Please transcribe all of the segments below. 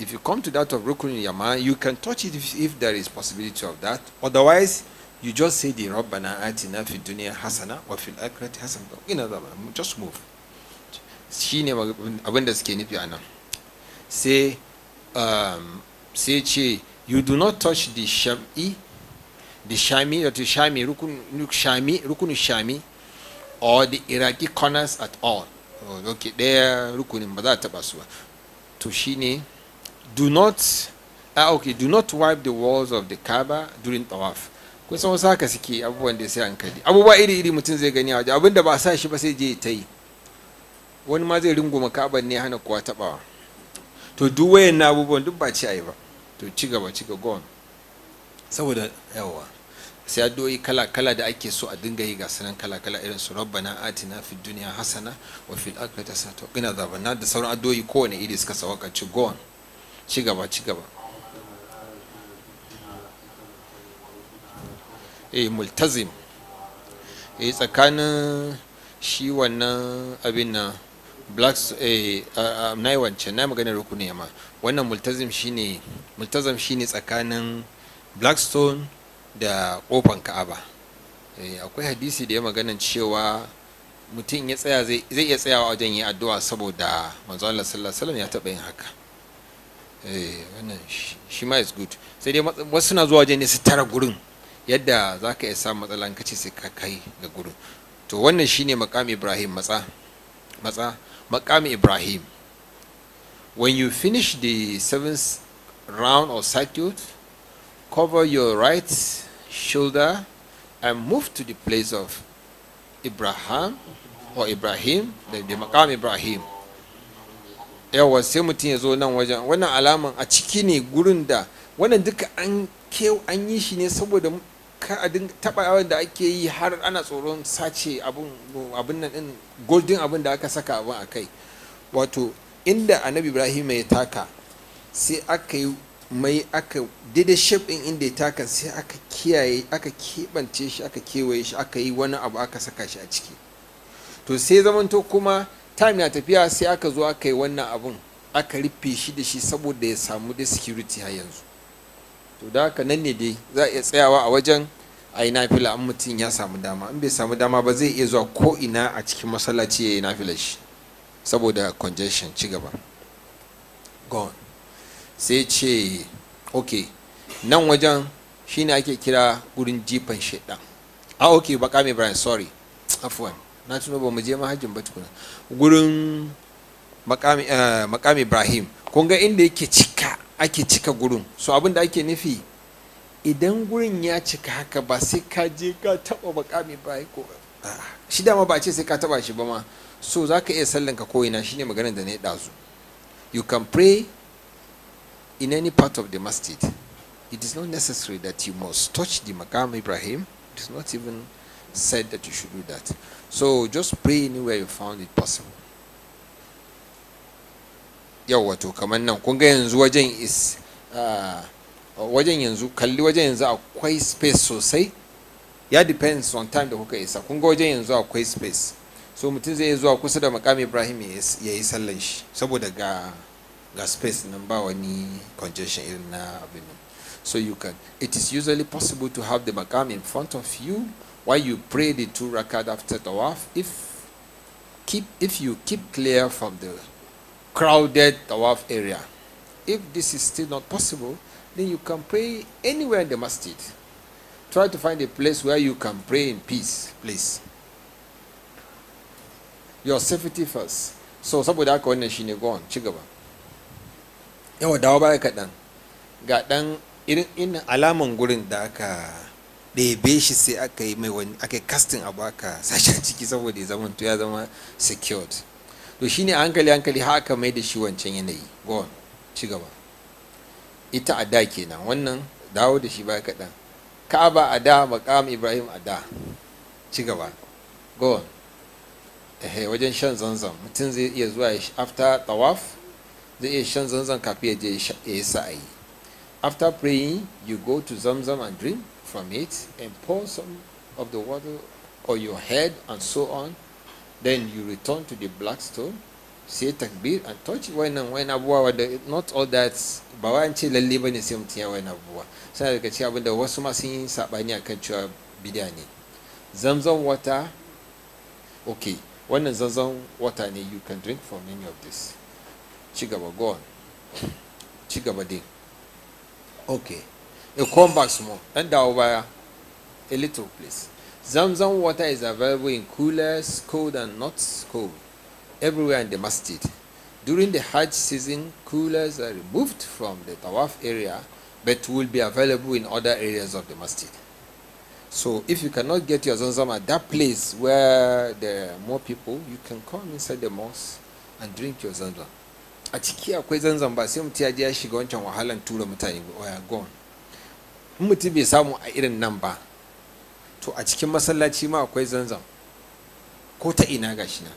If you come to that of Rukun Yama, you can touch it if, if there is possibility of that. Otherwise, You just say the Rabbana atina fi dunya hasana wa fil akhirati hasana that zaba just move shine abin da suke nufi anan sai um, sai ce you do not touch the shami the shami the shami rukun shami rukun shami or the iraqi corners at all oh, okay there rukunin ba za ta taba ba to shine do not ah, okay do not wipe the walls of the kaaba during tawaf san wasu haka suke abubuwan da sai hankali abubuwa iri iri mutum zai gani a waje abin da ba sa shi ba sai je ta yi wani ma zai ringo ka'abar ne hana kowa taɓawa to duk wayan na abubuwan duk ba ci yi ba to ci gaba ci ga gon saboda yawa sai addu'o'i kala kala da ake so a dinga yi ga sanan kala kala irin su rabbana atina fid dunya hasana wa fil akhirati hasana to na da sauran addu'o'i kowane iri suka sawaka ci gon ci gaba ci gaba eh multazim eh tsakanin shi wannan abin nan black eh na wancan na maganar rukuni amma wannan multazim shine multazim shine tsakanin blackstone da kofan ka'aba eh, akwai hadisi da ya maganan cewa mutum ya tsaya zai iya tsayawa wajen yin addu'a saboda manzo Allah sallallahu alaihi wasallam ya taba yin haka eh wannan shi ma is good sai dai wasu na zuwa wajen ne su tara gurin yadda za ka iya samun matsala in ka ce sai ka kai ga gudu to wannan shine makami ibrahim matsa matsa makami ibrahim when you finish the seventh round of circuit cover your right shoulder and move to the place of ibrahim or ibrahim da the makam ibrahim yawa sai mutum ya zo nan wajen wannan alaman a ciki ne gurin da wannan duka an yi shi ne saboda ka a taba tabawa da ake yi har ana tsoron sace abin nan din goldin abin da aka saka abin a kai wato inda annabi ibrahim ya taka sai aka yi mai aka dida inda ya taka sai aka kiyaye aka keɓance shi aka kewaye shi aka yi wani abu aka saka shi a ciki to sai zamanto kuma time na tafiya sai aka zo aka yi wannan abun aka rufe shi da shi saboda ya samu da security har yanzu to da haka nan ne dai za a iya tsayawa a wajen a yi nafila an mutum ya samu dama in bai samu dama ba zai iya zuwa ko ina a cikin masallaci ya yi nafila shi saboda congestion ci gaba gone sai ce ok nan wajen shine ake kira gurin jifan shaidan a ah, ok baka mai brian sorry afuwan na tuno ba mu je mahajin ba tukuna gurin makami eh, ibrahim kun ga inda yake cika ake cika gurin so abin da ake nufi idan gurin ya cika haka ba sai ka je ka taba baka mai bai ko shi dama ba ce sai ka taba shi ba ma so za iya sallan ka ko'ina shine maganar da na yi you can pray in any part of the masjid it is not necessary that you must touch the maqam ibrahim it is not even said that you should do that so just pray anywhere you found it possible yau wato kamar nan kun ga yanzu wajen is ah, wajen yanzu kalli wajen yanzu akwai space sosai ya depends on time da kuka isa kun ga wajen yanzu akwai space so mutum zai zuwa kusa da makamin ibrahim ya yi sallan shi saboda ga ga space nan ba wani congestion irin na abin nan so you can it is usually possible to have the makam in front of you while you pray the two rakat after tawaf if keep if you keep clear from the crowded tawaf area. If this is still not possible, then you can pray anywhere in the masjid. Try to find a place where you can pray in peace, please. Your safety first. So saboda haka wannan shine go on, ci gaba. Yawa dawo baya kaɗan. Ga ɗan irin ina alaman gurin da aka ɗebe shi sai aka yi mai wani aka casting abaka. aka sashen ciki saboda ya zama to ya zama secured to shine hankali hankali haka mai da shi wancan yanayi go on ci gaba ita a da kenan wannan dawo da shi ba kaɗan ka'aba ada da ibrahim ada da ci gaba go on ehe wajen shan zanzan mutum zai iya zuwa after tawaf zai iya shan zanzan kafin ya je after praying you go to zamzam and drink from it and pour some of the water on your head and so on then you return to the black stone say takbir and touch wannan wayan abubuwa wadda not all that ba wa an ce lalle bane sai mutum ya wayan abubuwa suna daga cikin abinda wasu ma sun yi sabani akan cewa bidiya ne zamzam wata okay wannan zamzam wata ne you can drink from any of this ci gaba go on ci gaba dai okay a come back small dan dawo baya a little please Zamzam water is available in coolers, cold and not cold, everywhere in the masjid. During the Hajj season, coolers are removed from the Tawaf area but will be available in other areas of the masjid. So if you cannot get your Zamzam at that place where there are more people, you can come inside the mosque and drink your Zamzam. zanzan ba sai mutum ya je ya shiga wancan wahalan tura ya gone. In samu a irin to a cikin masallaci ma akwai zanzan ko ta ina gashi nan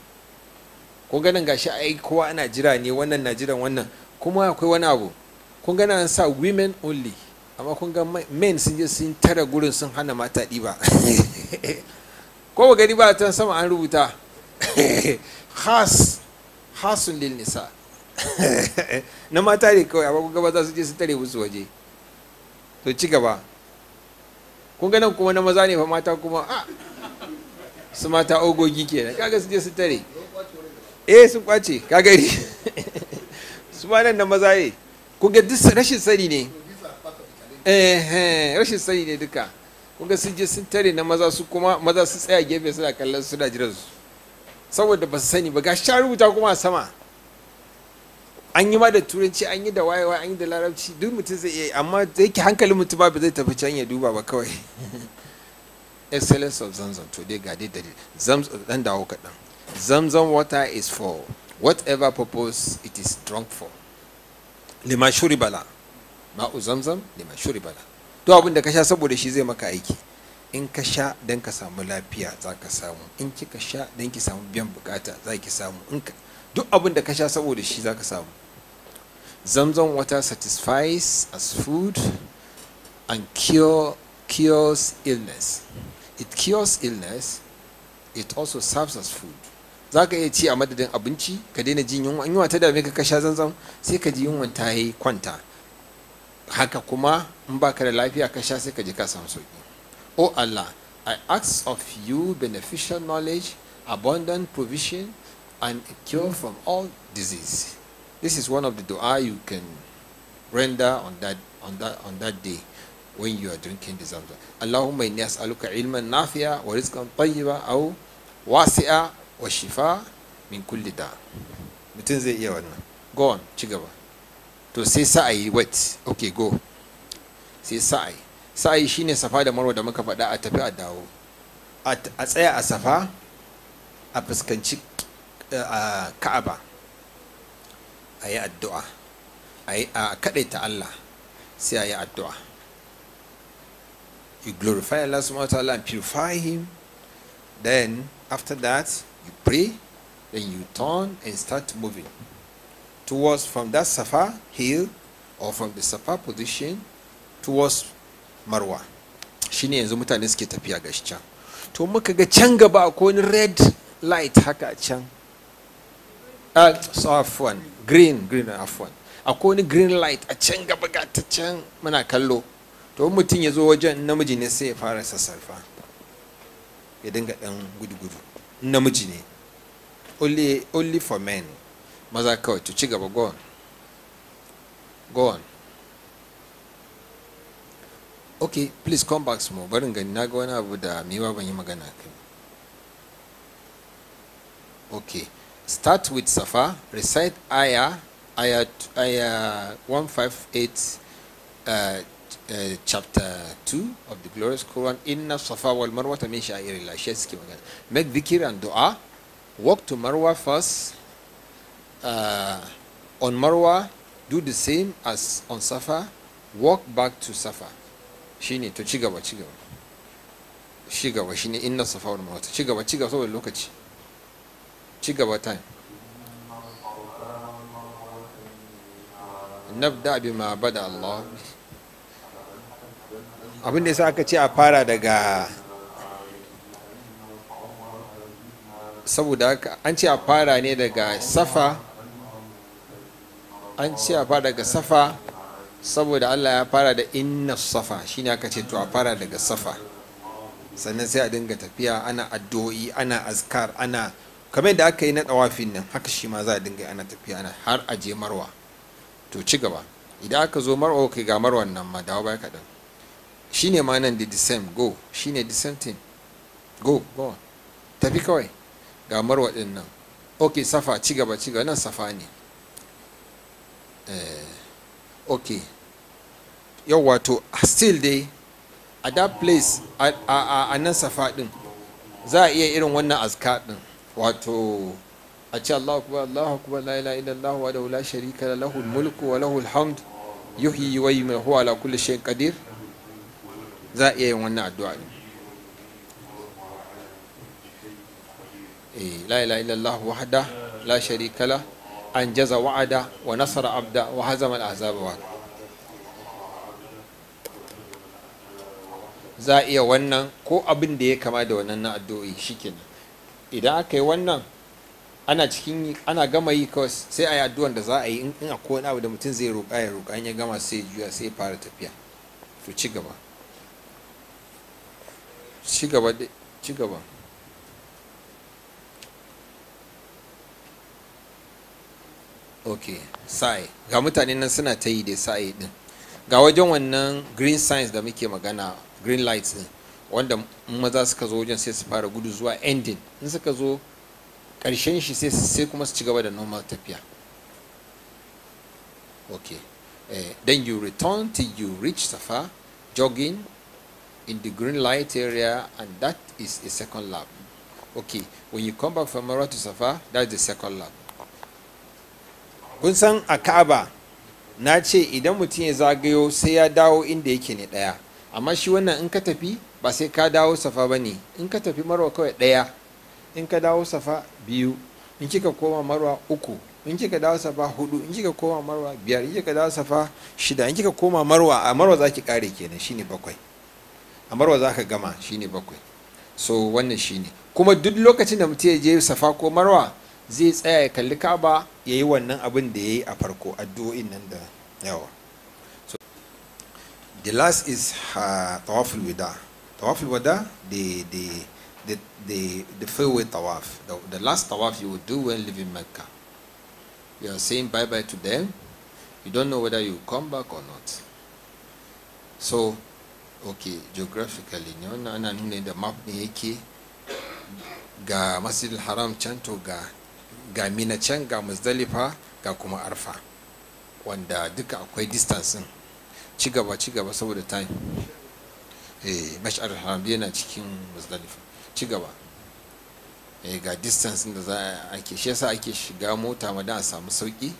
kun ganin gashi ai kowa ana jira ne wannan na jiran wannan kuma akwai wani abu kun gana an sa women only amma kun ga men sun je sun tara gurin sun hana mata ɗiba ko ba gani ba ta sama an rubuta has hasun lil nisa na mata ne kawai amma kun ga za su je sun tare musu waje to ci gaba kun ganin nan kuma na maza ne fa mata kuma a ah, su mata ogogi kenan kaga su je su tare eh sun kwace kaga ri su ma nan na maza ne kun ga duk rashin sani ne eh, eh rashin sani ne duka kun ga sun je sun tare na maza su kuma maza su tsaya gefe suna kallon suna jiran su saboda ba su sani ba ga sha rubuta kuma a sama an yi ma da turanci an yi da wayewa an yi da larabci duk mutum zai iya amma da yake hankalin mutum ba zai tafi can ya duba ba kawai excellence of zamzam to dai ga dai da zamzam dan dawo kaɗan zamzam water is for whatever purpose it is drunk for lima shuribala ma'u zamzam lima bala to abin da ka sha saboda shi zai maka aiki in ka sha don ka samu lafiya za ka samu in kika sha don ki samu biyan bukata za ki samu in ka duk abin da ka sha saboda shi za ka samu Zamzam water satisfies as food and cure, cures illness. It cures illness, it also serves as food. Za ka iya ci a madadin abinci, ka daina jin yunwa, yunwa ta dame ka ka sha zanzam sai ka ji yunwan ta yi kwanta. Haka kuma in ka da lafiya ka sha sai ka ji ka samu sauki. O Allah, I ask of you beneficial knowledge, abundant provision, and a cure from all disease. This is one of the dua you can render on that on that on that day when you are drinking the zamzam. Allahumma inni as'aluka ilman nafi'a wa rizqan tayyiba aw wasi'a wa shifa min kulli da. Mutun zai iya wannan. Go on, ci gaba. To sai sa'ayi wait. Okay, go. Sai sa'ayi. Sa'ayi shine safa da marwa da muka faɗa a tafi a dawo. A tsaya a safa a fuskanci eh, Ka'aba a yi addu'a a kaɗaita Allah sai a yi addu'a you glorify Allah subhanahu wa ta'ala and purify him then after that you pray then you turn and start moving towards from that Safa hill or from the Safa position towards Marwa shine yanzu mutane suke tafiya ga can to muka ga can gaba akwai red light haka can ah, so green green afwan akwai wani green light a can gaba ga ta can muna kallo to mutum ya zo wajen namiji ne sai ya fara sassarfa ya dinga dan gudu-gudu namiji ne only, only for men maza kawai to ci gaba go on go on okay please come back small barin gani na ga wani abu da miwa ban yi magana kai okay start with Safa, recite ayah, ayah, ayah 158, uh, uh, chapter 2 of the glorious Quran, Inna Safa wal Marwa min sha'irillah, shi Make dhikr and dua, walk to Marwa first, uh, on Marwa, do the same as on Safa, walk back to Safa. Shini to Chigawa Chigawa. Cigaba shini Inna Safa wal Marwa, we look at you. ci gaba ta nabda ma bada Allah abin da yasa aka ce a fara daga saboda an ce a fara ne daga safa an ce a fara daga safa saboda Allah ya fara da inna safa shine aka ce to a fara daga safa sannan sai a dinga tafiya ana addu'o'i ana azkar ana kamar yadda aka yi na ɗawafin nan haka shi ma za a dinga ana tafiya ana har a je marwa to ci gaba idan aka zo marwa kai ga marwan nan ma dawo baya kaɗan shi ne ma nan da the same go shi ne the same thing go go tafi kawai ga marwa ɗin nan ok safa ci gaba ci gaba nan safa ne eh, ok yau wato still dai a that place a nan safa ɗin za a iya irin wannan azka ɗin wato a ce Allahu akbar Allahu akbar la ilaha illallah wa la sharika la lahul mulku wa lahul hamd yuhi wa mai huwa ala kulli shay'in qadir za a iya yin wannan addu'a ne eh la ilaha illallah wahda la sharika la anjaza wa'ada wa nasara abda wa hazama al-ahzaba wa za a iya wannan ko abin da ya kama da wannan na addu'o'i shikenan idan aka yi wannan ana cikin ana gama yi kawai sai a yi addu'an da za a yi in a wani abu da mutum zai roƙa ya roƙa in ya gama sai juya sai fara tafiya to ci gaba ci gaba ci gaba ok sa'ai ga mutane nan suna ta yi da sa'ai din ga wajen wannan green signs da muke magana green lights din wanda maza suka zo wajen sai su fara gudu zuwa ending in suka zo ƙarshen shi sai kuma su ci gaba da normal tafiya okay eh, then you return till you reach safa jogging in the green light area and that is a second lap okay when you come back from mara to safa that is the second lap kun san a ka'aba na ce idan mutum ya zagayo sai ya dawo inda yake ne ɗaya amma shi wannan in ka tafi ba sai ka dawo safa ba ne in ka tafi marwa kawai ɗaya in ka dawo safa biyu in kika koma marwa uku in kika dawo safa hudu in kika koma marwa biyar in kika dawo safa shida in kika koma marwa a marwa za ki kare kenan shine bakwai a marwa za ka gama shine bakwai so wannan shine kuma duk lokacin da mutum ya je safa ko marwa zai tsaya ya kalli kaba ya yi wannan abin da ya yi a farko addu'o'in nan da yawa so the last is uh, tawaful wida' Tawaf al-wada, the, the, the, the, the fairway tawaf, the, the last tawaf you will do when leaving Mecca. You are saying bye-bye to them. You don't know whether you come back or not. So, okay, geographically, ni ana nuna da map ne yake ga masjidil haram can to ga ga mina can ga muzdalifa ga kuma arfa wanda duka akwai distancing ci gaba ci gaba saboda time mash'ar eh, haram yana cikin musdalifa ci gaba eh, ga distance da za a ake shi yasa ake shiga mota ma dan a samu sauki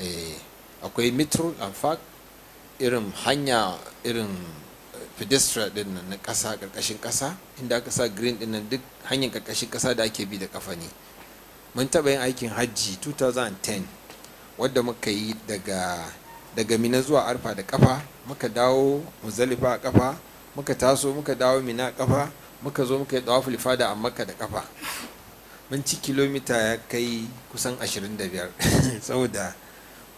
eh, akwai metro and fact irin hanya irin pedestrian din nan na ƙasa ƙarƙashin ƙasa inda aka sa green din nan duk hanyar ƙarƙashin ƙasa da ake bi da kafa ne mun taɓa yin aikin hajji 2010 wadda muka yi daga daga mina zuwa arfa da kafa muka dawo muzalifa a kafa muka taso muka dawo mina kafa muka zo muka yi dawaful ifada a makka da kafa mun ci kilomita ya kai kusan 25 saboda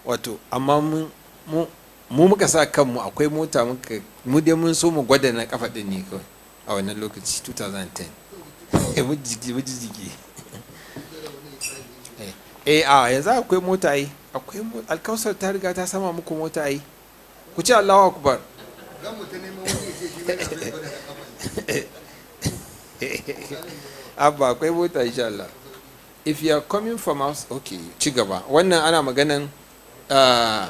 wato amma mu muka sa kanmu akwai mota muka mu dai mun so mu gwada na kafa din ne kawai a wannan lokaci 2010 mu jiki mu jiki eh a yanzu akwai mota yi akwai alkausar ta riga ta sama muku mota yi ku ci Allahu akbar abba akwai mota insha Allah if you are coming from us okay ci gaba wannan ana maganan ah,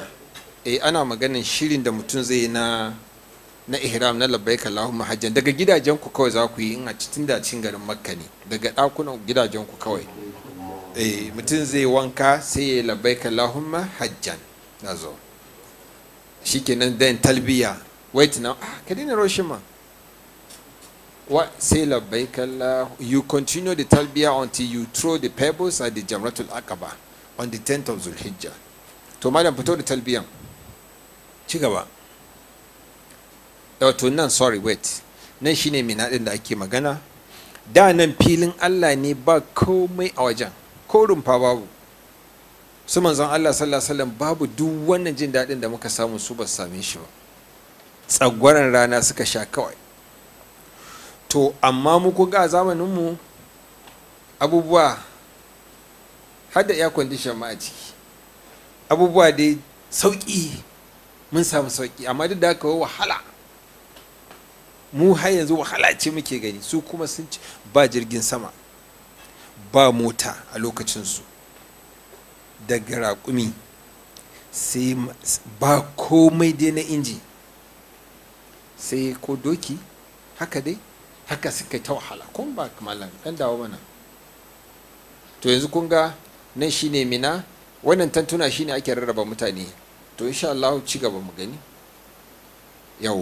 eh ana maganan shirin da mutum zai na na ihram na labbaik Allahumma hajjan daga gidajen ku kawai za ku yi in a cikin da cikin garin Makka ne daga dakunan gidajen ku kawai eh mutum zai wanka sai ya labbaik Allahumma hajjan nazo shikenan dan talbiya wait now ah kadina roshima What? Say labbaik Allah. You continue the talbiya until you throw the pebbles at the Jamratul Aqaba on the 10th of Zulhijjah. To madam fito da talbiyan. Ci gaba. Oh, to nan sorry wait. Nan shine mina din da ake magana. Da nan filin Allah ne ba komai a wajen. Ko rumfa babu. Su manzon Allah sallallahu alaihi wasallam babu duk wannan jin daɗin da muka samu su ba same shi ba. Tsagwaran rana suka sha kawai. to amma mu ga zamaninmu abubuwa har da condition ma a ciki abubuwa dai sauƙi mun samu sauƙi amma duk da haka wahala mu har yanzu wahala ce muke gani su kuma sun ci ba jirgin sama ba mota a lokacinsu daga raƙumi sai ba komai dai na inji sai ko doki haka dai haka suka ta wahala kun ba kamala ɗan dawo mana to yanzu kun ga nan shine mina wannan tantuna shine ake rarraba mutane to insha Allah ci gaba mu gani din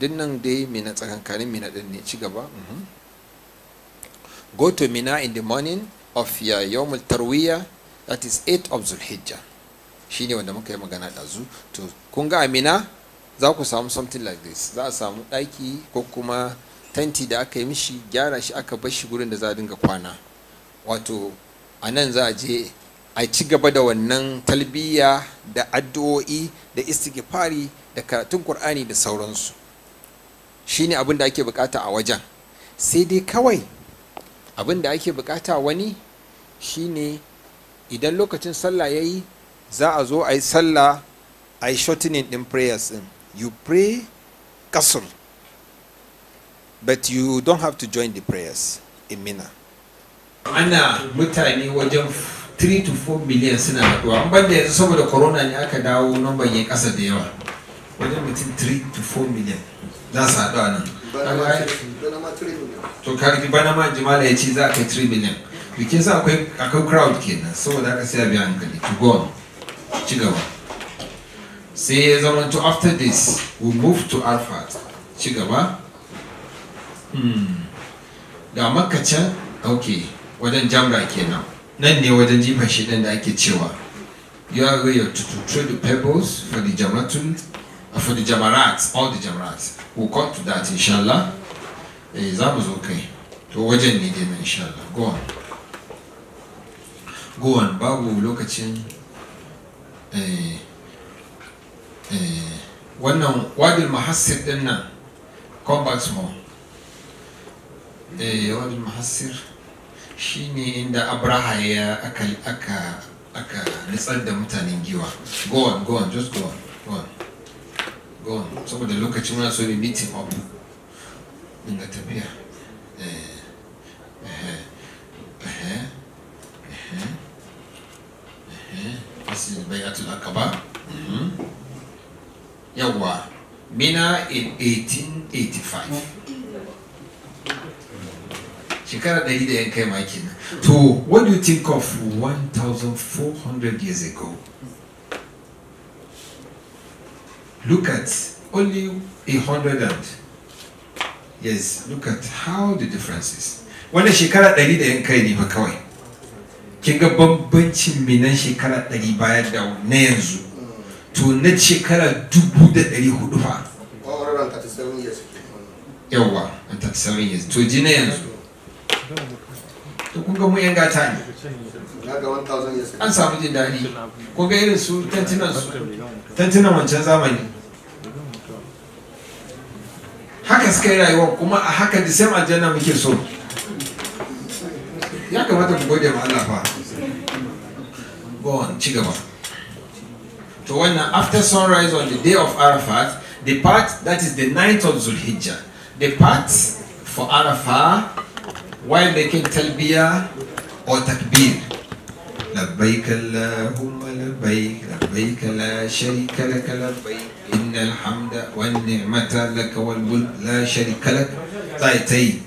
dinnan dai mina tsakankanin mina din ne ci gaba mhm. go to mina in the morning of your yawmul tarwiya that is 8 of zulhijja shine wanda muka yi magana dazu to kun ga amina za ku samu something like this za a samu ɗaki ko kuma tanti da aka yi mishi gyara shi aka bar shi gurin da za a dinga kwana wato a nan za a je a ci gaba da wannan talbiya da addu'o'i da istighfari da karatun qur'ani da sauransu shine abin da ake bukata a wajen sai dai kawai abin da ake bukata wani shine idan lokacin sallah yayi za a zo a yi sallah a yi shortening in prayers din you pray kasur But you don't have to join the prayers in Mina. Ana mutane wajen 3 to 4 million suna haɗuwa. An banda yanzu saboda corona ne aka dawo number ya kasa da yawa. Wajen mutum 3 to 4 million za su haɗu a nan. To karki bana ma jimala ya ce za a kai 3 million. Bikin sa akwai akwai crowd kenan saboda aka sai a biya hankali. To go on. Ci gaba. Sai ya zama to after this we move to Arfat. Ci gaba. Hmm. ga makka can ok wajen jamra kenan nan ne wajen jifan shedan da ake cewa you are ready to, to throw the pebbles for the jamratun uh, for the jamarat all the jamarat we'll come to that inshallah eh za mu zo kai to wajen ne dai nan inshallah go on go on babu lokacin eh eh wannan wadil mahassib din nan come back small Eh, yawar muhassir shi ne inda abraha ya aka aka nitsar da mutanen giwa go on go on just go on go on go on saboda lokacin muna so ne meeting up tafiya eh, eh, This is Bayatul Akaba. Mm-hmm. Yawwa, Mina in 1885. shekara ɗari da yan kai ma kenan to what do you think of 1400 years ago look at only a hundred and yes look at how the difference is wannan shekara ɗari da yan kai ne ba kawai kin ga bambancin minan shekara ɗari bayan da na yanzu to na shekara dubu da ɗari hudu fa Yawa. 37 years to ji na yanzu to kun ga mu yan gata ne an samu jin daɗi ko ga irin su tantinan su tantinan wancan zamani haka suka yi rayuwa kuma a haka da same aljanna muke so ya kamata ku gode ma Allah fa go on ci gaba to wannan after sunrise on the day of Arafat the part that is the night of Zulhijjah the part for Arafat وين making talbiyah or تكبير لبيك اللهم لبيك لبيك لا شريك لك لبيك إن الحمد والنعمة لك والملك لا شريك لك طيب،, طيب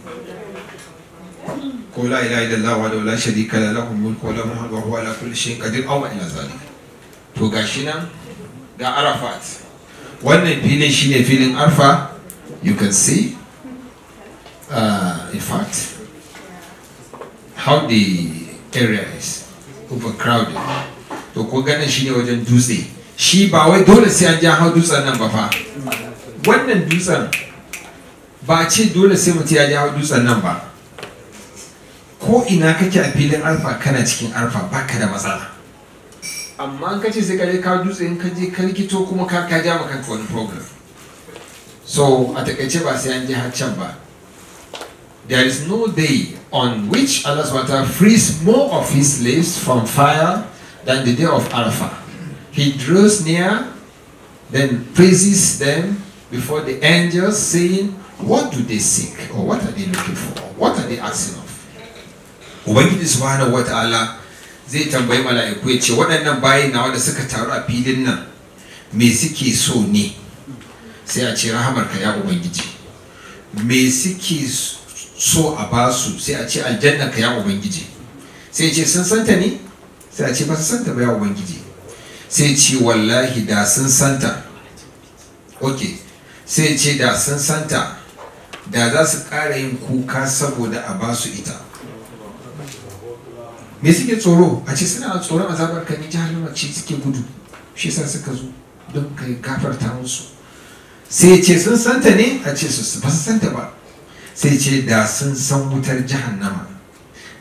قل لا إله إلا الله وحده لا شريك له له الملك وله الحمد وهو على كل شيء قدير أو ما إلى ذلك to دا عرفات ga Arafat شيني filin عرفة you can see uh, in fact how the area is overcrowded to ko ganin shine wajen dutse shi ba wai dole sai an ja hau dutsen nan ba fa wannan dutsen ba ce dole sai mutum ya ja hau dutsen nan ba ko ina kake a filin alfa kana cikin alfa baka da matsala amma an kace sai ka ka dutse in ka je ka rikito kuma ka ka ja maka wani problem so a takaice ba sai an je har can ba There is no day on which Allah frees more of his slaves from fire than the day of Arafah. He draws near, then praises them before the angels, saying, What do they seek? Or what are they looking for? What are they asking of? zai tambayi mala'iku ya ce waɗannan suka taru a filin nan me suke so ne sai a ce rahamarka ya ubangiji me suke so a ba su sai a ce aljanna ka ya ubangiji sai ce sun santa ne sai a ce ba su santa ba ya ubangiji sai ce wallahi da sun santa ok sai ce da sun santa da za su ƙara yin kuka saboda a ba su ita me suke tsoro a ce suna tsoron azabar ka ni jahannama ce suke gudu shi sa suka zo don kai gafarta musu sai ce sun santa ne a ce su ba su santa ba sai ce da sun san wutar jahannama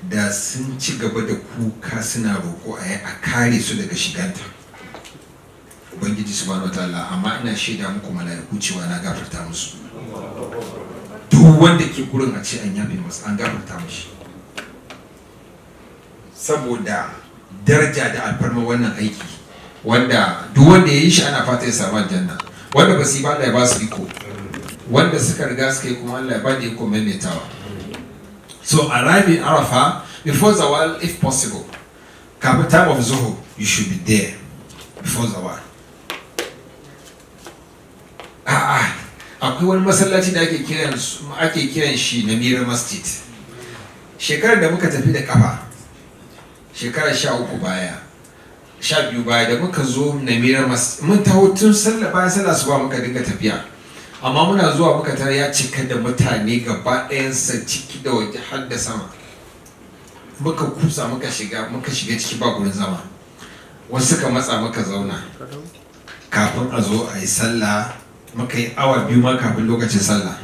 da sun ci gaba da kuka suna roƙo a a kare su daga shiganta ubangiji wata wataala amma ina shaida muku mala'iku cewa na gafarta musu duk wanda ke gurin a ce an yafe masu an gafarta mashi saboda daraja da alfarma wannan aiki wanda duk wanda ya yi shi ana fata ya samu aljanna wanda ba su yi ba ya ba su iko wanda suka riga suka yi kuma Allah ya bada iko maimaitawa so arrive in arafa before zawal if possible kafin time of zuhur you should be there before zawal a'a akwai wani masallaci da ake kiran ake kiran shi na Mira Masjid shekarar da muka tafi da kafa shekara sha uku baya sha biyu baya da muka zo na Mira Masjid mun taho tun sallah bayan sallah su ba muka dinga tafiya amma muna zuwa muka tara ya cika da mutane gaba ɗayansa ciki da waje har da sama muka kusa muka shiga muka shiga ciki ba gurin zama wasu ka matsa muka zauna kafin a zo a yi sallah muka yi awa biyu ma kafin lokacin sallah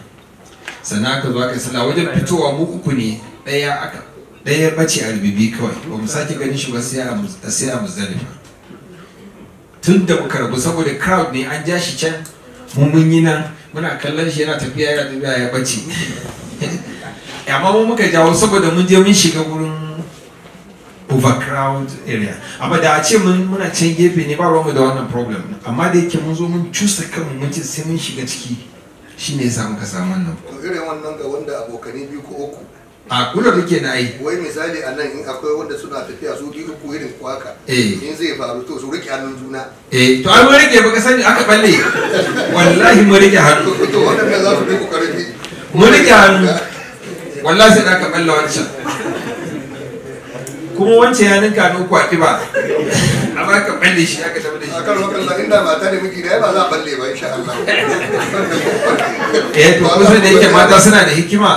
sannan aka zo aka yi sallah wajen fitowa mu uku ne ɗaya aka ɗaya bace a rubibi kawai ba mu sake ganin shi ba sai a muzdalifa tun da muka rabu saboda crowd ne an ja shi can mu mun yi nan muna kallon shi yana tafiya yana tafiya ya bace amma mu muka jawo saboda mun je mun shiga gurin overcrowd area amma da a ce mun muna can gefe ne ba mu da wannan problem amma da yake mun zo mun cusa kan mun ce sai mun shiga ciki shine ya samu ka samu wannan irin wannan ga wanda abokane biyu ko uku a kula da ke na yi wai misali a nan in akwai wanda suna tafiya su biyu uku irin kwaka haka eh. in zai faru to su rike hannun juna eh to ai mun rike baka sani aka balle wallahi mun rike hannu to wannan za su rike kokarin mun rike hannu wallahi sai aka balle wancan kuma wancan ya ninka min kwaki ba a ba ka balle shi aka tafi da shi akan lokacin da inda mata da miki da ba za a balle ba insha Allah eh to kusa da yake mata suna da hikima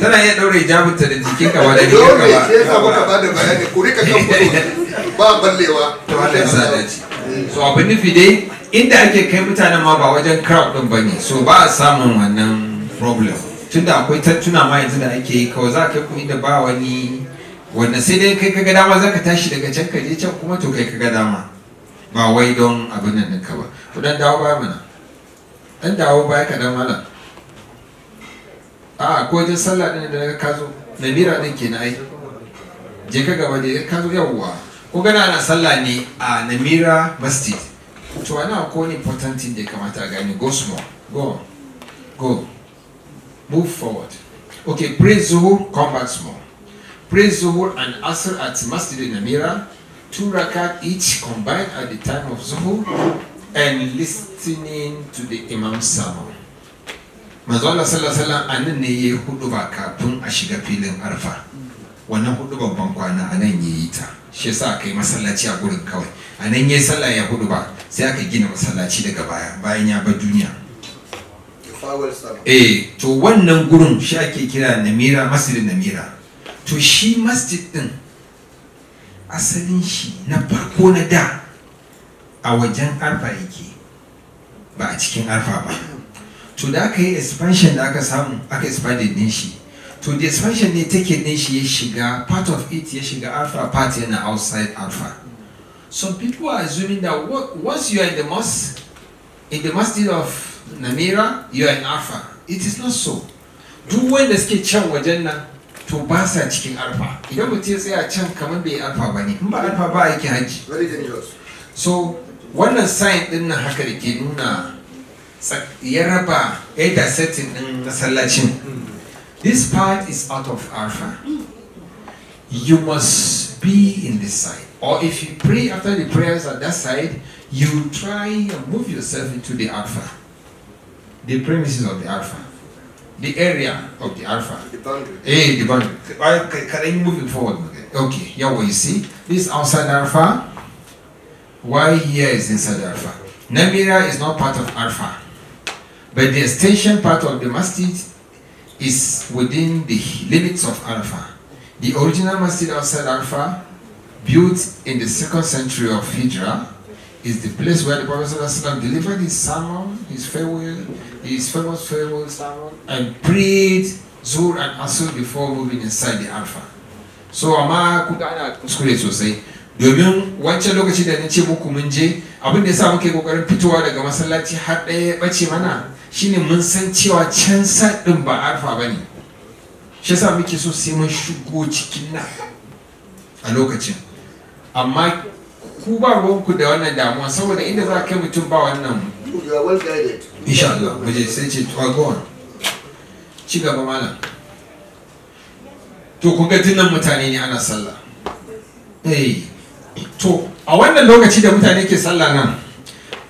tana iya daure jabinta da jikin ka ba da jikin eh, ka ba sai ka baka ba da bayani ku rika kan ku ba ballewa to Allah ya sa dace so abin nufi dai inda ake kai mutanen ma ba wajen crowd din bane so ba a samun wannan problem tunda akwai tattuna ma yanzu da ake yi kawai za ka kai ku inda ba wani wanda sai dai kai kaga dama zaka tashi daga can ka je can kuma to kai kaga dama ba wai don abin nan ɗinka ba to dan dawo baya mana dan dawo baya ka dan mana a ko wajen sallah din da ka zo namira din ke na ai je ka gaba da ka zo yawwa ko gana ana sallah ne a namira masjid to ana ko ne important din da ya kamata a gani, go small go go move forward okay praise zuhur come back small Praise Zuhur and Asr at Masjid Namira, two rakat each combined at the time of Zuhur, and listening to the Imam's sermon. manzo Allah sallallahu alaihi wasallam anan ne yayi hudu ba kafin a shiga filin arfa wannan hudu babban kwana anan yayi ta shi yasa kai masallaci a gurin kawai anan yayi sallah ya hudu ba sai aka gina masallaci daga baya bayan ya bar duniya eh to wannan gurin shi ake kira namira masjidin namira to shi masjid din asalin shi na farko na da a wajen arfa yake ba a cikin arfa ba to da aka yi expansion da aka samu aka expanded din shi to the expansion ne take din shi ya shiga part of it ya shiga arfa part yana outside arfa. some people are assuming that once you are in the mosque in the masjid of namira you are in arfa. it is not so duk wanda suke can wajen nan to ba sa cikin arfa idan mutum ya tsaya so wannan sign din haka da ke nuna this part is out of arfa you must be in this side or if you pray after the prayers at that side you try and move yourself into the arfa the premises of the arfa the area of the alpha. The boundary. Hey, eh, the boundary. Why can I move it forward? Okay, here we see this outside alpha. Y here is inside alpha. Namira is not part of alpha, but the extension part of the mastid is within the limits of alpha. The original mastid outside alpha, built in the second century of Hijra, is the place where the Prophet delivered his sermon his farewell, his famous farewells, and prayed Zuhr and Asr before moving inside the Alpha. So amma kun ana kuskure sosai domin wancan lokaci da na ce muku mun je abin da yasa muke kokarin fitowa daga masallaci har ɗaya bace mana shine mun san cewa can ɗin ba ba bane. Shi yasa muke so sai mun shigo cikin nan a lokacin. Amma ku ba ruwanku da wannan damuwa saboda inda za ka kai mutum ba wannan school you are well guided insha Allah muje sai ce to ah, go on ci gaba malam to kun ga dinnan mutane ne ana sallah eh to a wannan lokaci da mutane ke sallah nan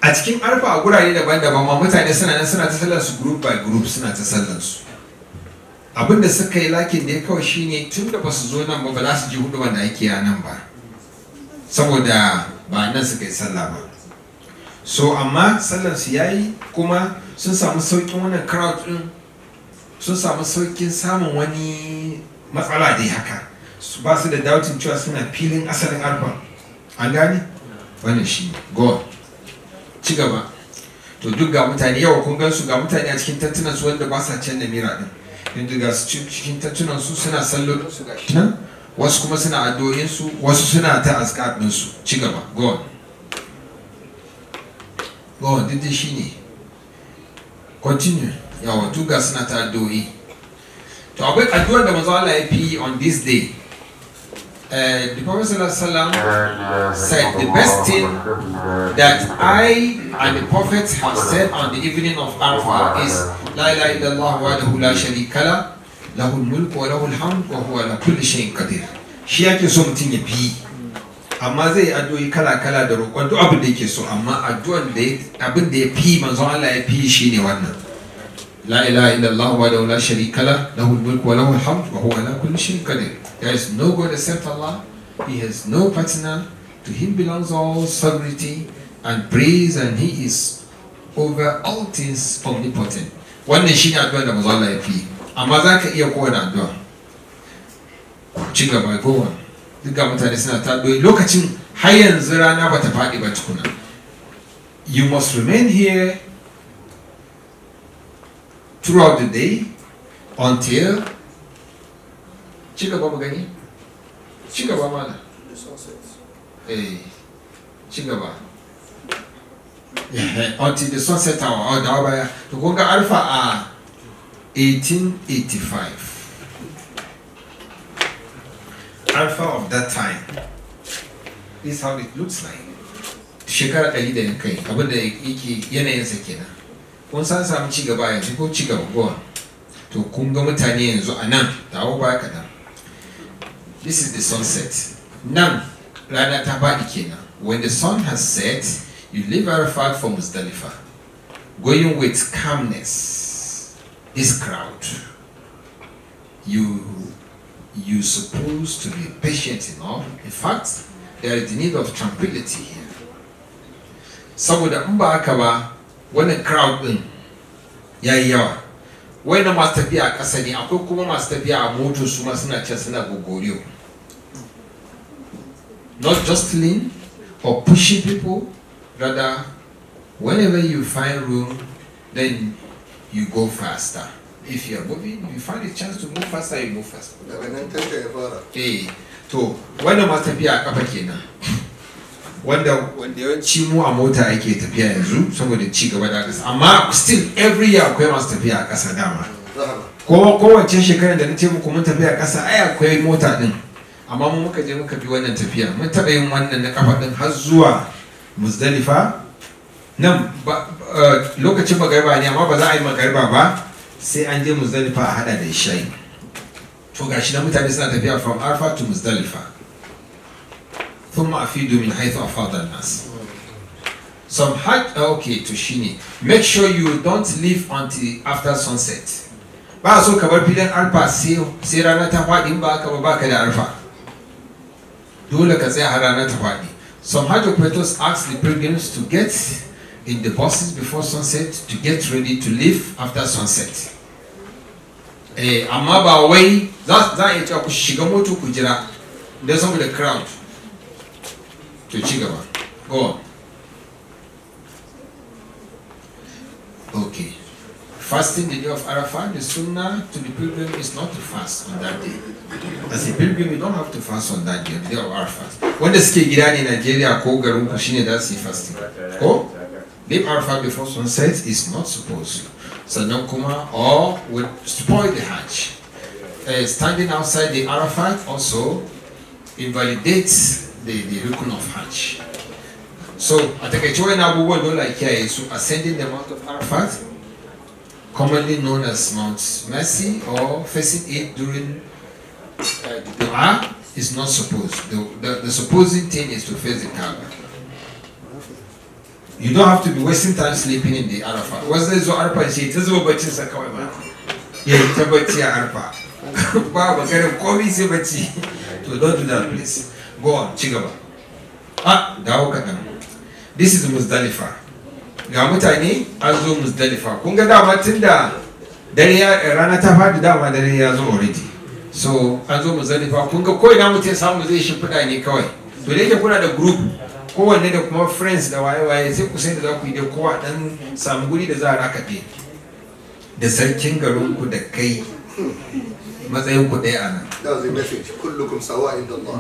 a cikin arfa a gurare daban-daban ma mutane suna nan suna ta sallar su group by group suna ta sallar su abin da suka yi lakin da ya kawai shine tun da basu zo nan ba ba za su ji hudu wanda ake nan ba saboda ba nan suka yi sallah ba so amma sallar su yayi kuma sun samu saukin wannan crowd din sun samu saukin samun wani matsala dai haka su ba su da doubting cewa suna filin asalin alfa an gane wannan shi go ci gaba to duk ga mutane yawa kun gan su ga mutane a cikin tattunan su wanda ba sa can da mira din yanzu ga su cikin tattunan su suna sallo su ga shi nan wasu kuma suna addu'o'in su wasu suna ta azkar din su ci gaba go on God didishini. Continue. Yawa tuga sanata doi. To abek adua da mazala epi on this day. Uh, the Prophet ﷺ said, The best thing that I and the Prophet have said on the evening of Arafah is, La ilaha illallah wa la sharika la, lahul mulk wa lahul hamd wa huwa la kulli shayin qadir. Shi yake so mutum ya fi amma zai addu'o'i kala kala da roƙon duk abin da yake so amma addu'an da abin da ya fi manzon Allah ya fi shi ne wannan la ilaha illallah wa la sharika la al mulku wa al hamd wa huwa ala kulli shay'in qadir there is no god except Allah he has no partner to him belongs all sovereignty and praise and he is over all things omnipotent wannan shine addu'an da manzon Allah ya fi amma zaka iya kowane addu'a ci gaba goma. duk ga mutane suna taɗoyi lokacin har yanzu rana bata faɗi ba tukuna you must remain here throughout the day until ci gaba mu gani ci gaba mana eh, cigaba ci eh, gaba until the sunset hour a dawa baya to kun ga alfa a 1885 alpha of that time this is how it looks like shekara da yake yanayinsa kenan kun san samu ci gaba yanzu ko ci gaba to kun ga mutane yanzu a nan dawo ba this is the sunset nan rana ta kenan when the sun has set you leave Arafat for Muzdalifa going with calmness this crowd you you're supposed to be patient enough. In fact, there is the need of tranquility here. Some in ba haka when wannan crowd in, yeah, yeah. When Wai master be tafiya a ƙasa ne, akwai master masu a a moto su ma suna can suna gogoriyo. Not just lean or pushing people, rather, whenever you find room, then you go faster. if you are moving you find a chance to move faster you move faster eh to wannan ma tafiya a kafa kenan wanda wanda yawanci mu a mota yake tafiya yanzu saboda ci gaba da ƙasa amma still every year akwai masu tafiya a ƙasa dama ko kowace shekarar da na ce muku mun tafiya ƙasa ai akwai mota din amma mun muka je muka bi wannan tafiya mun taɓa yin wannan na kafa din har zuwa muzdalifa nan eh, lokacin magariba ne amma ba za a yi magariba ba sai an je muzdalifa a hada da isha'i to gashi na mutane suna tafiya from arfa to muzdalifa thumma afidu min haythu afada an-nas some hajj ah, okay to shine make sure you don't leave until after sunset ba so ka bar filin arfa sai rana ta faɗi in ba ka ba baka da arfa dole ka tsaya har rana ta faɗi some hajj operators ask the pilgrims to get in the buses before sunset to get ready to leave after sunset eh amma ba wai za a iya cewa ku shiga moto ku jira don da crowd to ci gaba go on okay fasting the day of arafat the sunnah to the pilgrim is not to fast on that day. As a pilgrim, you don't have to fast on that day, the day of Arafah. Wanda suke gida ne Nigeria ko garin ku shine da su fasting. Ko? Leave arafat before sunset is not supposed. to. Saddam Kuma or would spoil the Hajj. Uh, standing outside the Arafat also invalidates the, the Rukun of Hajj. So, Atakachowa and Abu Wadu, like here, is ascending the Mount of Arafat, commonly known as Mount Mercy, or facing it during uh, Dua, is not supposed. The, the, the supposing thing is to face the Kaaba. you don't have to be wasting time sleeping in the arfa wasu zai zo arfa shi ta zuba baccinsa kawai ba ya yi ta bacci a arfa ba maganin komi sai bacci to don't do that please go on ci gaba ah dawo kaɗan this is muzdalifa ga mutane an zo muzdalifa kun ga dama tun da dare ya rana ta faɗi dama dare ya zo already so an zo muzdalifa kun ga ko ina mutum samu zai shimfiɗa ne kawai to da yake kuna da group kowanne da kuma friends da waye-waye sai ku sai da za ku yi da kowa dan samu guri da za a raka rakafe da sarkin garinku da kai matsayin ku ɗaya a nan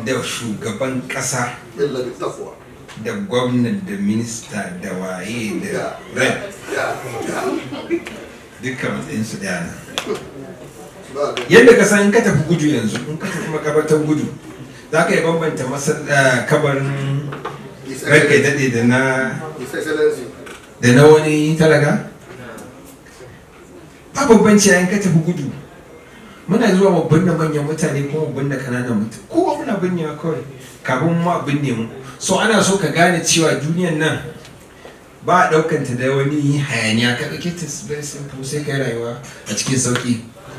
da shugaban ƙasa da gwamnan da minista da waye da rai dukkan su ɗaya nan yadda ka san ka tafi gudu yanzu in ka tafi makabartar gudu za ka yi bambanta eh, kabarin ranka daɗe da na da na wani talaga. ba babban ciyayin ka tafi gudu muna zuwa babban da manyan mutane ko babban da kananan mutane kowa muna binnewa kawai kafin mu binne mu so ana so ka gane cewa duniyan nan ba a ɗaukanta da wani hayaniya ka ɗauke ta very simple sai kai rayuwa a cikin sauƙi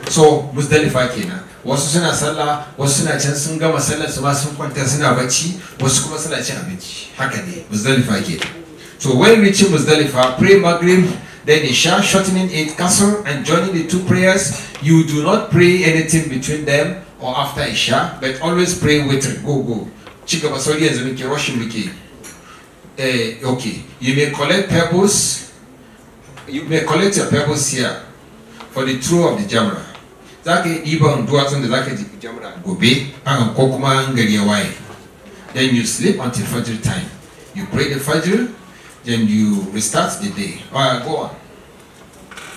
so musdalifa kenan wasu suna sallah wasu suna can sun gama sallar su sun kwanta suna bacci wasu kuma suna cin abinci haka ne muzdalifa ke so when reaching muzdalifa pray maghrib then isha shortening it castle, and joining the two prayers you do not pray anything between them or after isha but always pray with go go ci sauri yanzu muke rushin muke eh okay you may collect pebbles you may collect your pebbles here for the true of the jamrah za ka yi ɗiban duwatsun da za ka ji jamra gobe haka ko kuma gari ya waye then you sleep until fajr time you pray the fajr then you restart the day ba go on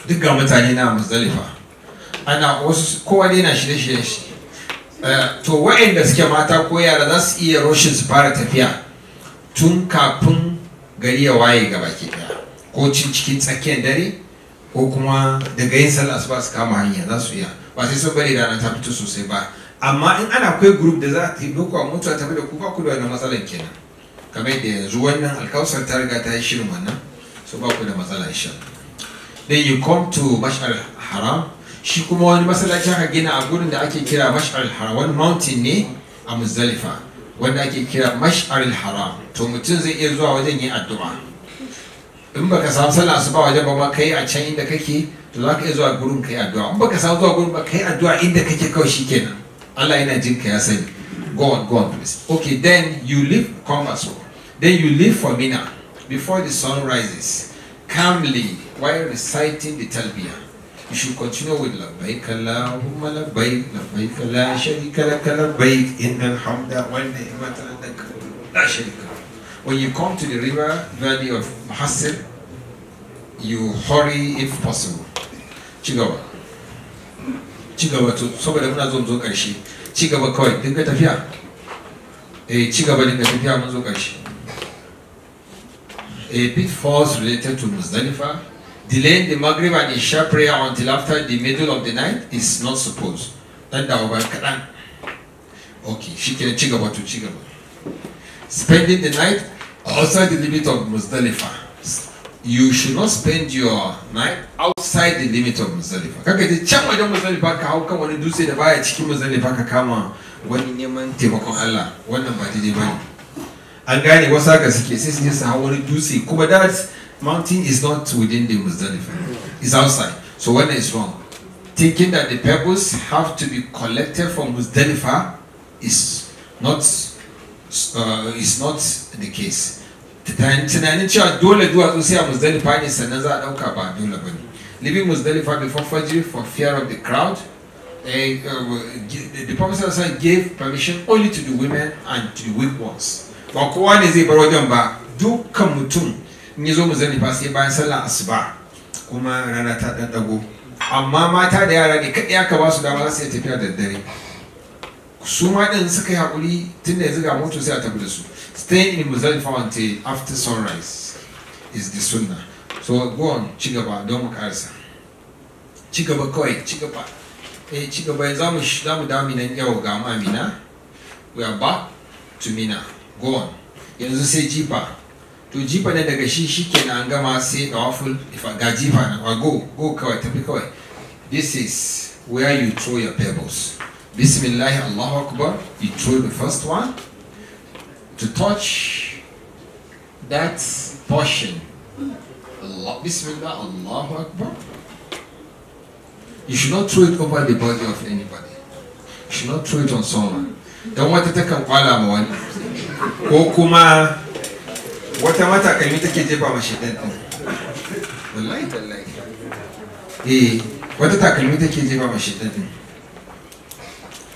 duk ga mutane na muzdalifa ana wasu kowa dai na shirye-shirye shi eh, to wa'inda suke mata ko yara za su iya roshin su fara tafiya tun kafin gari ya waye ga baki daya ko cin cikin tsakiyar dare ko kuma daga yin sallah ba su kama hanya za su iya ba sai sun bari rana ta fito sosai ba amma in ana akwai group da za ta yi doka mutuwa tafi da ku ba ku da wani matsalan kenan kamar yadda yanzu wannan alkausar ta riga ta yi shirin wannan so ba ku da matsala shan then you come to mashar haram shi kuma wani masallaci aka gina a gurin da ake kira mashar haram wani mountain ne a muzdalifa wanda ake kira mashar haram to mutum zai iya zuwa wajen yin addu'a in baka samu sallah su ba wajen ba ma kai a can inda kake to za ka iya zuwa gurin ka yi addu'a in baka samu zuwa gurin ba ka yi addu'a inda kake kawai shi Allah go on go on please okay then you leave come as well then you leave for Mina before the sun rises calmly while reciting the talbiyah you should continue with labbaik Allahumma labbaik labbaik la sharika lak labbaik innal hamda wa ni'mata lak la when you come to the river valley of Mahasir you hurry if possible Cigaba, cigaba saboda muna zo zo ƙarshe cigaba kawai dinga tafiya eh cigaba dinga tafiya mun zo ƙarshe a eh, pitfalls related to Muzdalifa Delaying the Maghrib and Isha prayer until after the middle of the night is not supposed. Dan da ba kaɗan. Okay, shi ke cigaba gaba to Spending the night outside the limit of Muzdalifa you should not spend your night outside the limit of Muzdalifa kaga je can wajen Muzdalifa ka hau kan wani dutse da baya cikin Muzdalifa ka kama wani neman taimakon Allah wannan ba daidai bane an gane wasu haka suke sai su je su hau wani dutse kuma that mountain is not within the Muzdalifa it's outside so when is wrong thinking that the pebbles have to be collected from Muzdalifa is not uh, is not the case tunanin cewa dole duwatsu sai a muzdalifa ne sannan za a ɗauka ba dole ba ne leaving muzdalifa before fajr for fear of the crowd The uh, eh, the prophet gave permission only to the women and to the weak ones ba kowa ne zai bar wajen ba dukkan mutum in ya zo muzdalifa sai bayan sallar asuba kuma rana ta dan dago amma mata da yara ne kaɗai aka ba su dama za su iya tafiya da dare su ma ɗin suka yi haƙuri tun da yanzu ga moto sai a tafi da su staying in Muzalifa until after sunrise is the sunnah so go on Chigaba, don't don mu Chigaba, ci gaba kawai ci gaba eh ci gaba za mu za mu dawo we are back to mina go on yanzu sai jifa to jifa ne daga shi shikenan an gama sai If I ga jifa na go go kawai tafi kawai this is where you throw your pebbles bismillah allahu akbar you throw the first one to touch that portion. Allah, Bismillah, Allahu Akbar. You should not throw it over the body of anybody. You should not throw it on someone. Don wata takan kwala ma wani. Ko kuma wata matakami take jefa ma shaitan din. Wallahi tallahi. Eh, wata takalmi take jefa ma shaitan din.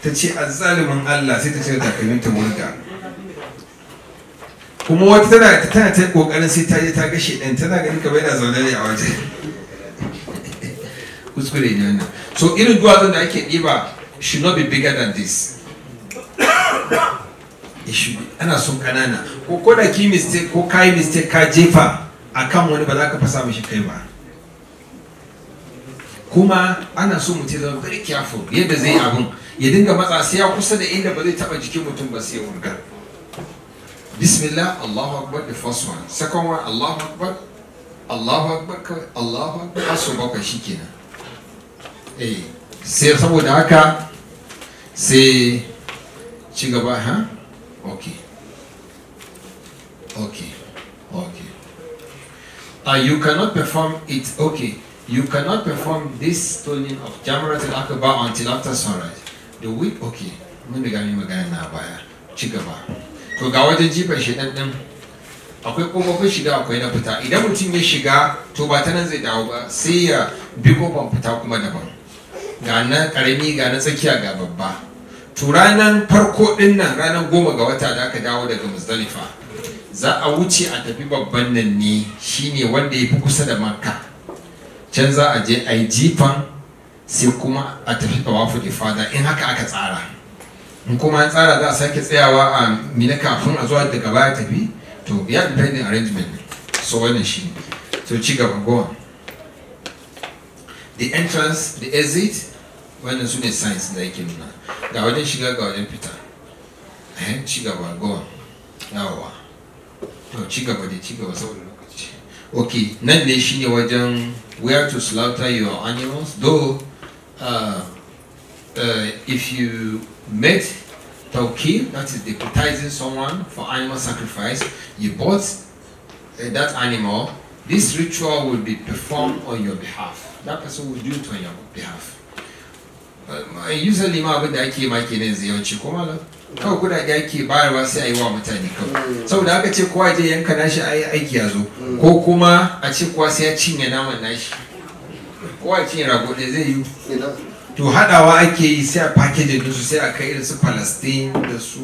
Ta ce azzalimin Allah sai ta ce takalmin ta murga. kuma wata tana tana ta kokarin sai ta je ta kashe shedan tana ganin kamar yana zaune ne a waje kuskure ne wannan so irin duwatsun da ake ɗiba she not be bigger than this ana son kanana ko ko da ki mistake ko kai mistake ka jefa akan wani ba za ka fasa mishi kai ba kuma ana son mutum zama very careful yadda zai abin ya dinga matsa sai ya kusa da inda ba zai taba jikin mutum ba sai ya wurgar Bismillah, Allahu Akbar, the first one. Second one, Allahu Akbar, Allahu Akbar, Allahu Akbar, aso bakwai shi kenan. Eh, Say. saboda haka sai ci gaba, Okay. Okay. Okay. Uh, you cannot perform it, okay. You cannot perform this tuning of Jamrat al-Akbar until after sunrise. The week, okay. Mun riga ni magana na baya. Chigaba. to ga wajen jifar shaidan din akwai kofofin shiga akwai na fita idan mutum ya shiga to ba ta nan zai dawo ba sai ya bi kofan fita kuma daban ga na karami ga na tsakiya ga babba to ranar farko din nan ranar goma ga wata da aka dawo daga muzdalifa za a wuce a tafi babban nan ne shine wanda ya fi kusa da makka can za a je a yi jifan sai kuma a tafi tawaful ifada in haka aka tsara in kuma an tsara za a sake tsayawa a mina kafin a zuwa daga baya tafi to ya depending arrangement so wannan shi so ci gaba goma the entrance the exit wannan su ne signs da yake nuna ga wajen shiga ga wajen fita ehem ci gaba goma yawawa to ci gaba da ci gaba saboda lokaci ok nan ne shine wajen where to slaughter your animals though uh, uh, if you Met tawki, that is deputizing someone for animal sacrifice. You bought uh, that animal. This ritual will be performed on your behalf. That person will do it on your behalf. Uh, Usually my abin da my maki is zai yawanci kuma la kawai kudade ake bayarwa sai a yi wa mutane kawai saboda aka ce kowa je yanka nashi aiki ya zo ko kuma a ce kowa sai ya cinye naman nashi kowa to haɗawa ake yi sai a package din su sai a kai irin su palestine da su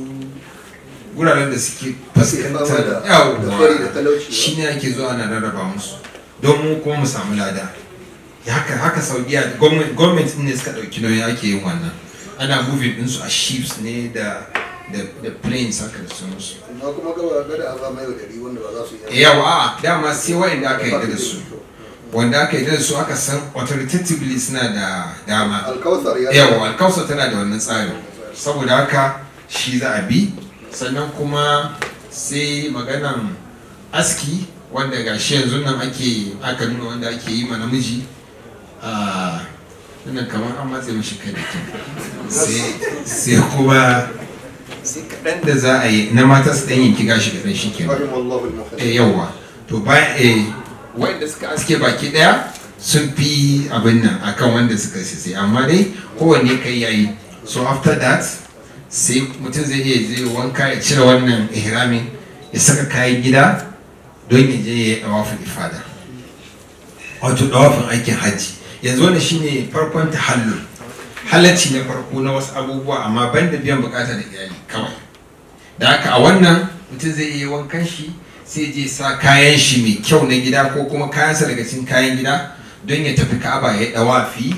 wuraren da suke fuskantar yawo shi ne ake zuwa ana rarraba musu don mu kuma mu samu lada haka haka saudiya gwamnati ne suka ɗauki nauyi ake yin wannan ana moving su a ships ne da da planes haka da sunansu. Amma kuma gaba da a ba mai ri wanda ba za su yi. Yawa dama sai wa'anda aka yi da su. wanda aka yi da su aka san authoritatively suna da dama yawa alkausar tana da wannan tsarin saboda haka shi za a bi sannan kuma sai maganan aski wanda ga shi yanzu nan ake aka nuna wanda ake yi ma namiji a ah, nan kamar an matse mashi kai da sai kuma sai kaɗan da za a yi na mata su ɗanyen kiga gashi kaɗan shi ke eh, yawa to ba wanda suka aske baki daya sun fi abin nan akan wanda suka sai amma dai kowanne kai yayi so after that sai mutum zai iya zai wanka ya cire wannan ihramin ya saka kayan gida don ya je ya dawafin ifada wato dawafin aikin hajji yanzu wannan shine farkon tahallul halacci na farko na wasu abubuwa amma banda biyan bukata da iyali kawai da haka a wannan mutum zai iya wankan shi sai je sa kayan shi mai kyau na gida ko kuma kayansa daga cikin kayan gida don ya tafi ka'aba ya dawafi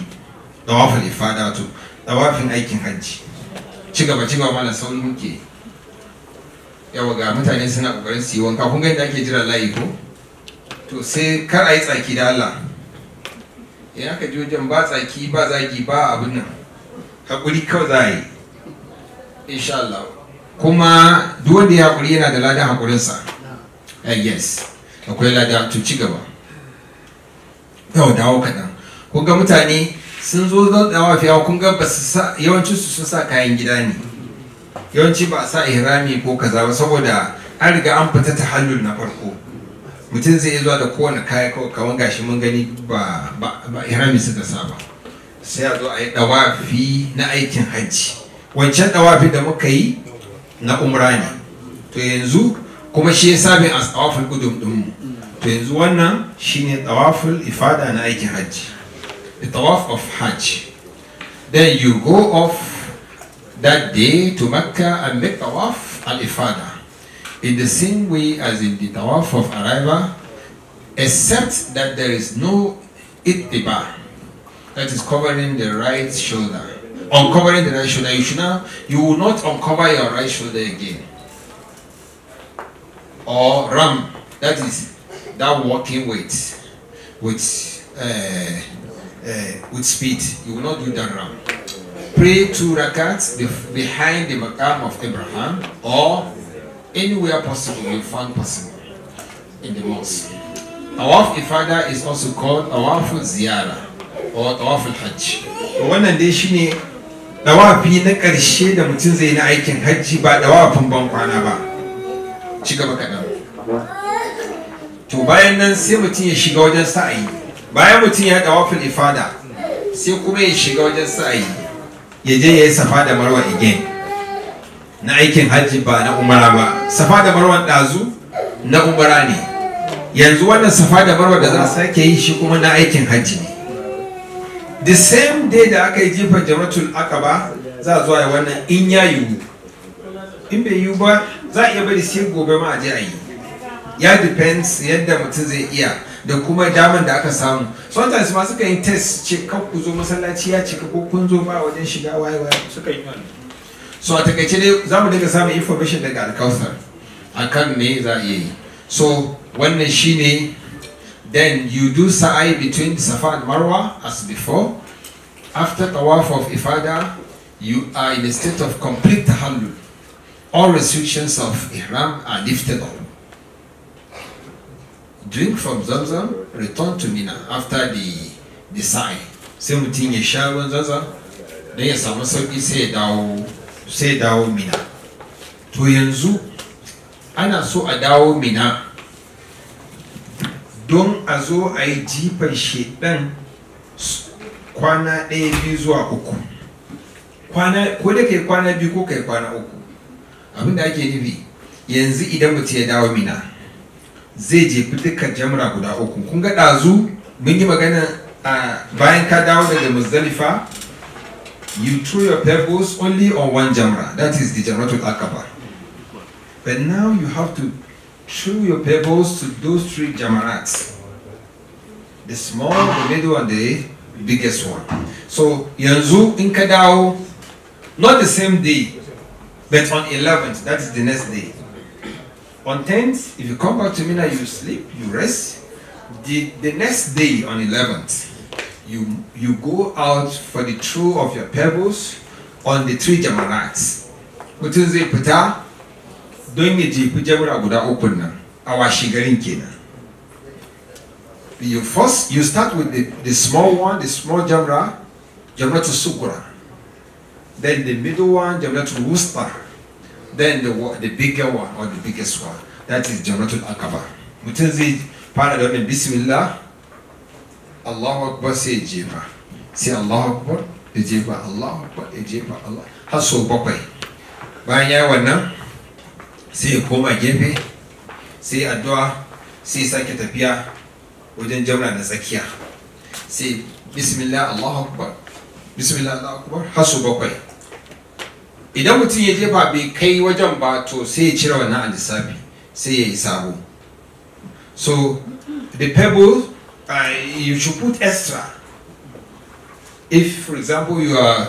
dawafin fada to dawafin aikin hajji ci gaba ci gaba mana sauri muke yawa ga mutane suna kokarin su yi wanka kun ga da ake jira layi ko to sai kar a yi tsaki da Allah in aka ji wajen ba tsaki ba zagi ba abin nan hakuri kawai za a yi insha Allah kuma duk wanda ya hakuri yana da ladan hakurinsa Eh, yes akwai lada to ci gaba yau dawo kaɗan kun ga mutane sun zo zo da fiya kun ga ba su sa yawancin su sun sa kayan gida ne yawanci ba sa ihrami ko kaza ba saboda an riga an fita ta halul na farko mutum zai zuwa da kowane kaya kawai gashi mun gani ba ba ihrami suka sa ba sai a zo a yi dawafi na aikin hajji wancan dawafi da muka yi na umra ne to yanzu kuma shi ya as a tsawaful gudun ɗinmu to yanzu wannan shine tsawaful ifada na aikin hajji the tawaf of hajj then you go off that day to Mecca and make tawaf al-ifada in the same way as in the tawaf of arrival except that there is no ittiba that is covering the right shoulder uncovering the right shoulder you should now you will not uncover your right shoulder again or ram, that is that walking weight with uh, uh, with speed. You will not do that ram. Pray two rakats behind the makam of Abraham or anywhere possible you find possible in the mosque. Tawaf Ifada is also called Tawaf Ziyara or Tawaf Hajj. Wannan dai shine dawafi na ƙarshe da mutum zai na aikin hajji ba dawafin ban kwana ba. ci gaba kaɗan to bayan nan sai mutum ya shiga wajen sa'ayi bayan mutum ya haɗa wafin ifada sai kuma ya shiga wajen sa'ayi ya je ya yi safa da marwa again na aikin hajji ba na umara ba safa da marwa ɗazu na umara ne yanzu wannan safa da marwa da za su sake yi shi kuma na aikin hajji ne the same day da aka yi jifan jamatul akaba za a zuwa wannan in ya yiwu in bai yiwu ba za a iya bari sai gobe ma a je ya depends yadda mutum zai iya da kuma daman da aka samu sometimes ma suka yi test ce kan ku zo masallaci ya cika ko kun zo ba wajen shiga waye waye suka yi wannan so a takaice dai za mu dinga samun information daga alkausar akan me za a iya yi so wannan shine then you do sa'i between safa and marwa as before after tawaf of ifada you are in a state of complete tahallul all restrictions of Ihram are lifted up. Drink from Zamzam, return to Mina after the, the sign. Sai mutum ya sha ruwan Then don ya samu sauƙi sai ya dawo Mina. To yanzu ana so a dawo Mina don a zo a yi jifar shedan kwana ɗaya biyu zuwa uku. Kwana, ko da kai kwana biyu ko kai kwana uku. abin da ake nufi yanzu idan mutum ya dawo mina zai jefi dukkan jamra guda uku kun ga ɗazu mun yi magana a bayan ka dawo daga muzdalifa you threw your pebbles only on one jamra that is the jamratul akaba but now you have to throw your pebbles to those three jamrats the small the middle and the biggest one so yanzu in ka dawo not the same day but on 11th, that is the next day. On 10th, if you come back to Mina, you sleep, you rest. The, the next day, on 11th, you, you go out for the throw of your pebbles on the three Jamanats. Mutum zai fita don ya jefi jamura guda ukun You first, you start with the, the small one, the small jamra, jamra to sukura. then the middle one Jamratul Wusta, then the, the bigger one or the biggest one that is Jamratul Akaba mutum zai fara da wannan bismillah Allahu Akbar sai jefa sai Allahu Akbar ya jefa Allahu Akbar ya jefa Allah har sau bakwai bayan ya yi wannan sai ya koma gefe sai addu'a sai sake tafiya wajen jamra da tsakiya sai bismillah Allahu Akbar bismillah Allahu Akbar har sau bakwai idan mutum ya jefa bai kai wajen ba to sai ya cire wannan alisabi sai ya yi sabo so the pebble uh, you should put extra if for example you are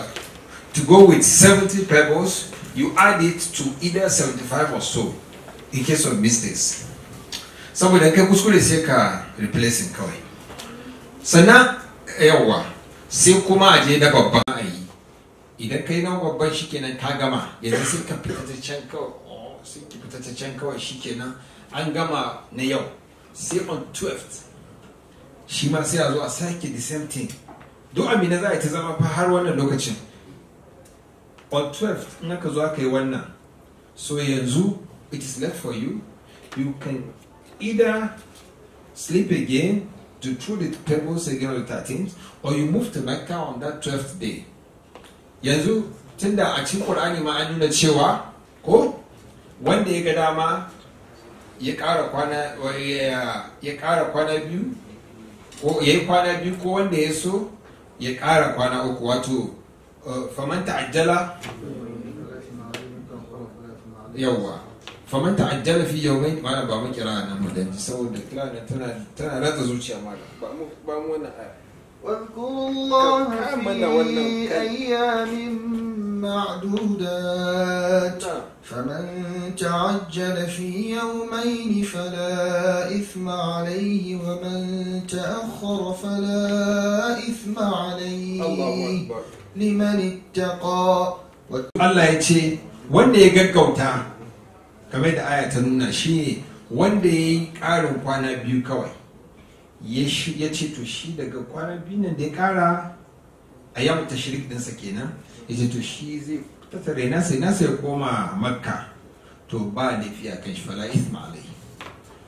to go with 70 pebbles you add it to either 75 or so in case of mistakes saboda kai kuskure sai ka replacing kawai sannan ewa sai kuma aje da na babban ayi idan kai nan babban shi kenan ka gama yanzu sai ka fita ta can kawai sai ki fita ta can kawai shi kenan an gama na yau sai on 12th shi ma sai a zo a sake the same thing duk amina za a yi ta zama fa har wannan lokacin on 12th in aka zo aka yi wannan so yanzu it is left for you you can either sleep again to throw the pebbles again on the 13th or you move to Mecca on that 12th day yanzu tunda a cikin qur'ani ma an nuna cewa ko wanda ya ga dama ya ƙara kwana biyu ko ya yi kwana biyu ko wanda ya so ya ƙara kwana uku wato eh, famanta ajjala yauwa famanta ajjala fi mai mana ba mu kira nan mu dan saboda tana tana ratsa zuciya ma ba mu ba mu wannan aya واذكروا الله في أيام معدودات نعم. فمن تعجل في يومين فلا إثم عليه ومن تأخر فلا إثم عليه لمن اتقى الله يتي وانا ya gaggauta game da aya ta nuna shi wanda ya ce to shi daga kwana biyu nan da ya kara a yau ta shirik ɗinsa kenan ya ce to shi zai tattare nasa nasa ya koma makka to ba fi a kan shi fala isma alai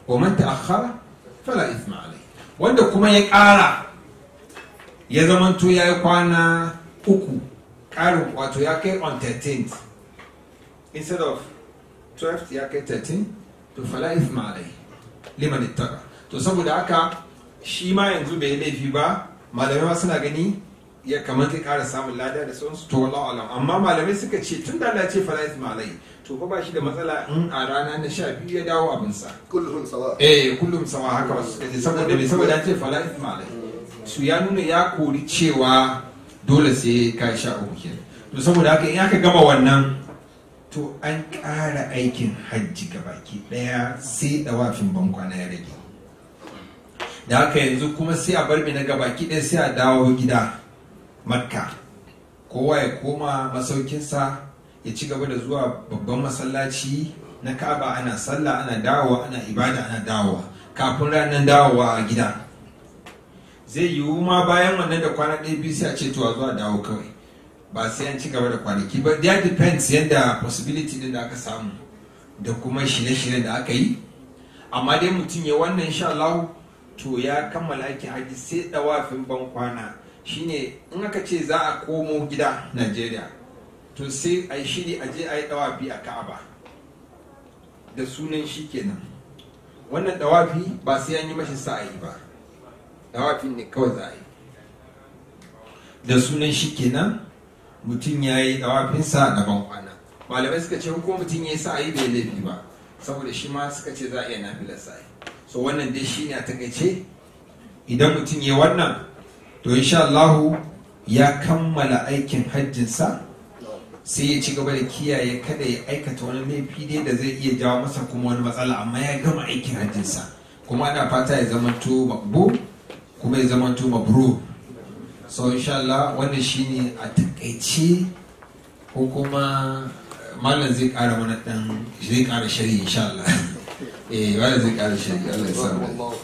wa man ta'akhkhara fala isma alai wanda kuma ya kara ya zama to ya yi kwana uku ƙarin wato ya kai on 13th instead of 12th ya kai 13 to fala isma alai liman ittaka to saboda haka shi ma yanzu bai laifi ba malamai ma suna gani ya kamar zai kara samun lada da sauransu su tola alam amma malamai suka ce tun da Allah ce fala isma to fa ba shi da matsala in a rana na sha biyu ya dawo abin sa kullum sawa eh kullum sawa haka wasu suka ce saboda bai saboda ce fara'is malai su ya nuna ya kori cewa dole sai ka sha uku ke to saboda haka in aka gama wannan to an ƙara aikin hajji gabaki ɗaya sai ɗawafin bankwana ya rage da haka yanzu kuma sai a bar na gaba ɗaya sai a dawo gida makka kowa ya koma masaukinsa ya ci gaba da zuwa babban masallaci na kaba ana sallah ana dawowa ana ibada ana dawowa kafin ranar dawowa a gida zai yiwu ma bayan wannan da kwana ɗaya biyu sai a ce tuwa zuwa dawo kawai ba sai an ci gaba da kwanaki ba ya depends yadda possibility din da aka samu da kuma shirye-shiryen da aka yi amma dai mutum ya wannan insha Allah to ya kammala aikin haji sai dawafin ban kwana shine in aka ce za a komo gida Najeriya to sai a yi shiri a je a yi dawafi a Ka'aba da sunan shi kenan wannan dawafi ba sai an yi mashi sa'ayi ba dawafin ne kawai za a yi da sunan shi kenan mutum ya yi dawafinsa da ban kwana malamai suka ce ko mutum ya yi sa'ayi bai laifi ba saboda shi ma suka ce za a iya nafilar sa'ayi so wannan dai shi ne a takaice idan mutum ya wannan to insha Allahu ya kammala aikin hajjinsa sai ya ci gaba da kiyaye kada ya aikata wani laifi dai da zai iya jawo masa kuma wani matsala amma ya gama aikin hajjinsa kuma ana fata ya zamanto makbu kuma ya zamanto mabru so insha Allah wannan shi ne a takaice ko kuma eh, malam zai kara mana dan zai kara shari'a insha Allah ايه ولا زي قال شيء الله يسلمك